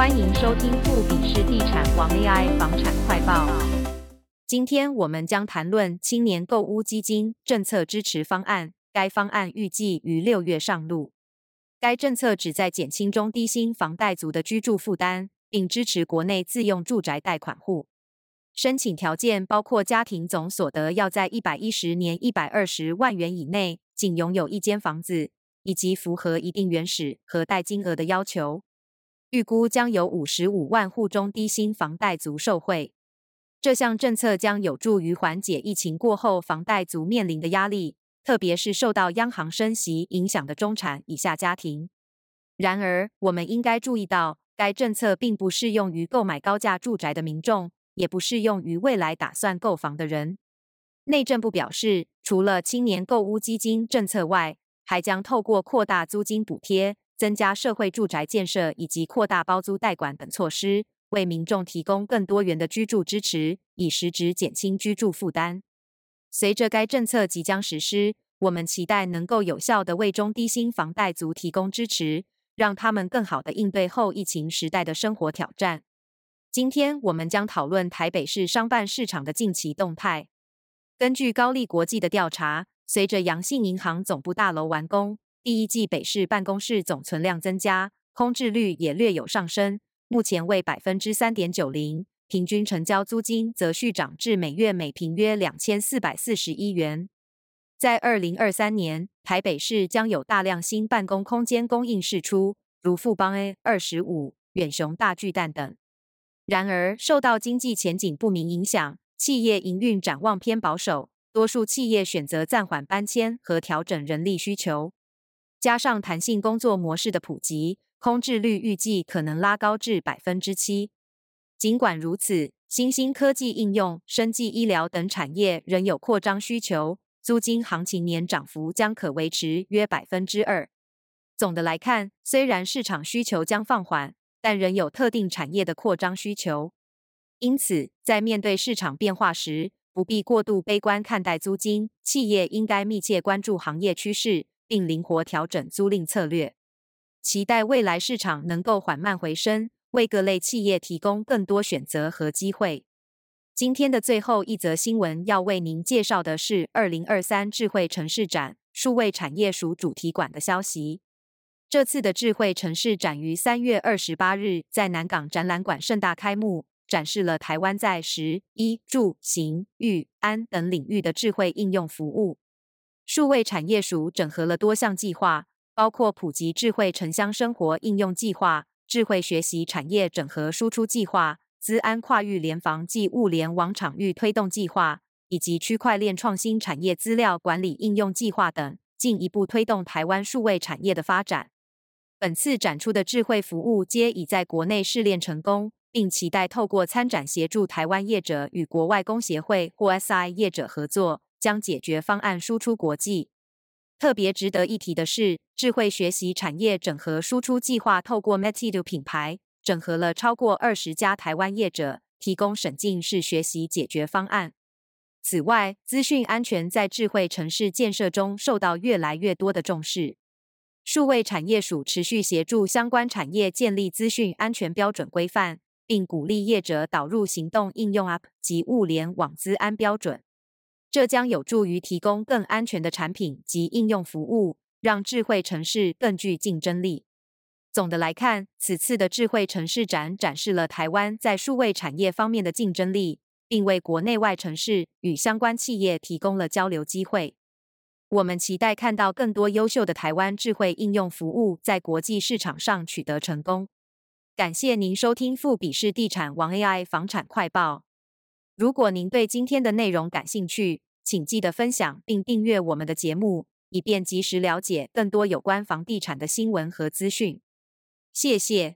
歡迎收聽富比士地產王 AI 房產快報。今天我們將談論青年購屋積金政策支持方案。該方案預計於六月上路。該政策旨在減輕中低薪房貸族的居住負擔，並支持國內自用住宅貸款戶。申請條件包括家庭總所得要在一百一十年一百二十萬元以內，僅擁有一間房子，以及符合一定原始和貸金額的要求。預估將有五十五萬戶中低薪房貸族受惠，這項政策將有助於緩解疫情過後房貸族面臨的壓力，特別是受到央行升息影響的中產以下家庭。然而，我們應該注意到，該政策並不適用於購買高價住宅的民眾，也不適用於未來打算購房的人。內政部表示，除了青年購屋基金政策外，還將透過擴大租金補貼。增加社會住宅建設以及擴大包租代管等措施，為民眾提供更多元的居住支持，以實質減輕居住負擔。隨着該政策即將實施，我們期待能夠有效的為中低薪房貸族提供支持，讓他們更好的應對後疫情時代的生活挑戰。今天，我們將討論台北市商辦市場的近期動態。根據高力國際的調查，隨着陽信銀行總部大樓完工。第一季北市辦公室總存量增加，空置率也略有上升，目前為百分之三點九零。平均成交租金則續漲至每月每坪約兩千四百四十一元。在二零二三年，台北市將有大量新辦公空間供應釋出，如富邦 A 二十五、遠雄大巨蛋等。然而，受到經濟前景不明影響，企業營運展望偏保守，多數企業選擇暫緩搬遷和調整人力需求。加上彈性工作模式的普及，空置率預計可能拉高至百分之七。儘管如此，新興科技應用、生技醫療等產業仍有擴張需求，租金行情年漲幅將可維持約百分之二。總的來看，雖然市場需求將放緩，但仍有特定產業的擴張需求。因此，在面對市場變化時，不必過度悲觀看待租金，企業應該密切關注行業趨勢。並靈活調整租賃策略，期待未來市場能夠緩慢回升，為各類企業提供更多選擇和機會。今天的最後一則新聞要為您介紹的是二零二三智慧城市展數位產業署主題館的消息。這次的智慧城市展於三月二十八日在南港展覽館盛大開幕，展示了台灣在食、衣、住、行、育、安等領域的智慧應用服務。數位產業署整合了多項計劃，包括普及智慧城鄉生活應用計劃、智慧學習產業整合輸出計劃、資安跨域聯防暨物聯網場域推動計劃，以及區塊鏈創新產業資料管理應用計劃等，進一步推動台灣數位產業的發展。本次展出的智慧服務皆已在國內試煉成功，並期待透過參展協助台灣業者與國外公協會或 SI 業者合作。將解決方案輸出國際。特別值得一提的是，智慧學習產業整合輸出計劃透過 Matidio 品牌，整合了超過二十家台灣業者，提供沉浸式學習解決方案。此外，資訊安全在智慧城市建設中受到越來越多的重視。數位產業署持續協助相關產業建立資訊安全標準規範，並鼓勵業者導入行動應用 App 及物聯網資安標準。這將有助於提供更安全的產品及應用服務，讓智慧城市更具競爭力。總的來看，此次的智慧城市展展示了台灣在數位產業方面的競爭力，並為國內外城市與相關企業提供了交流機會。我們期待看到更多優秀的台灣智慧應用服務在國際市場上取得成功。感謝您收聽富比士地產王 AI 房產快報。如果您對今天的內容感興趣，請記得分享並訂閱我們的節目，以便及時了解更多有關房地產的新聞和資訊。謝謝。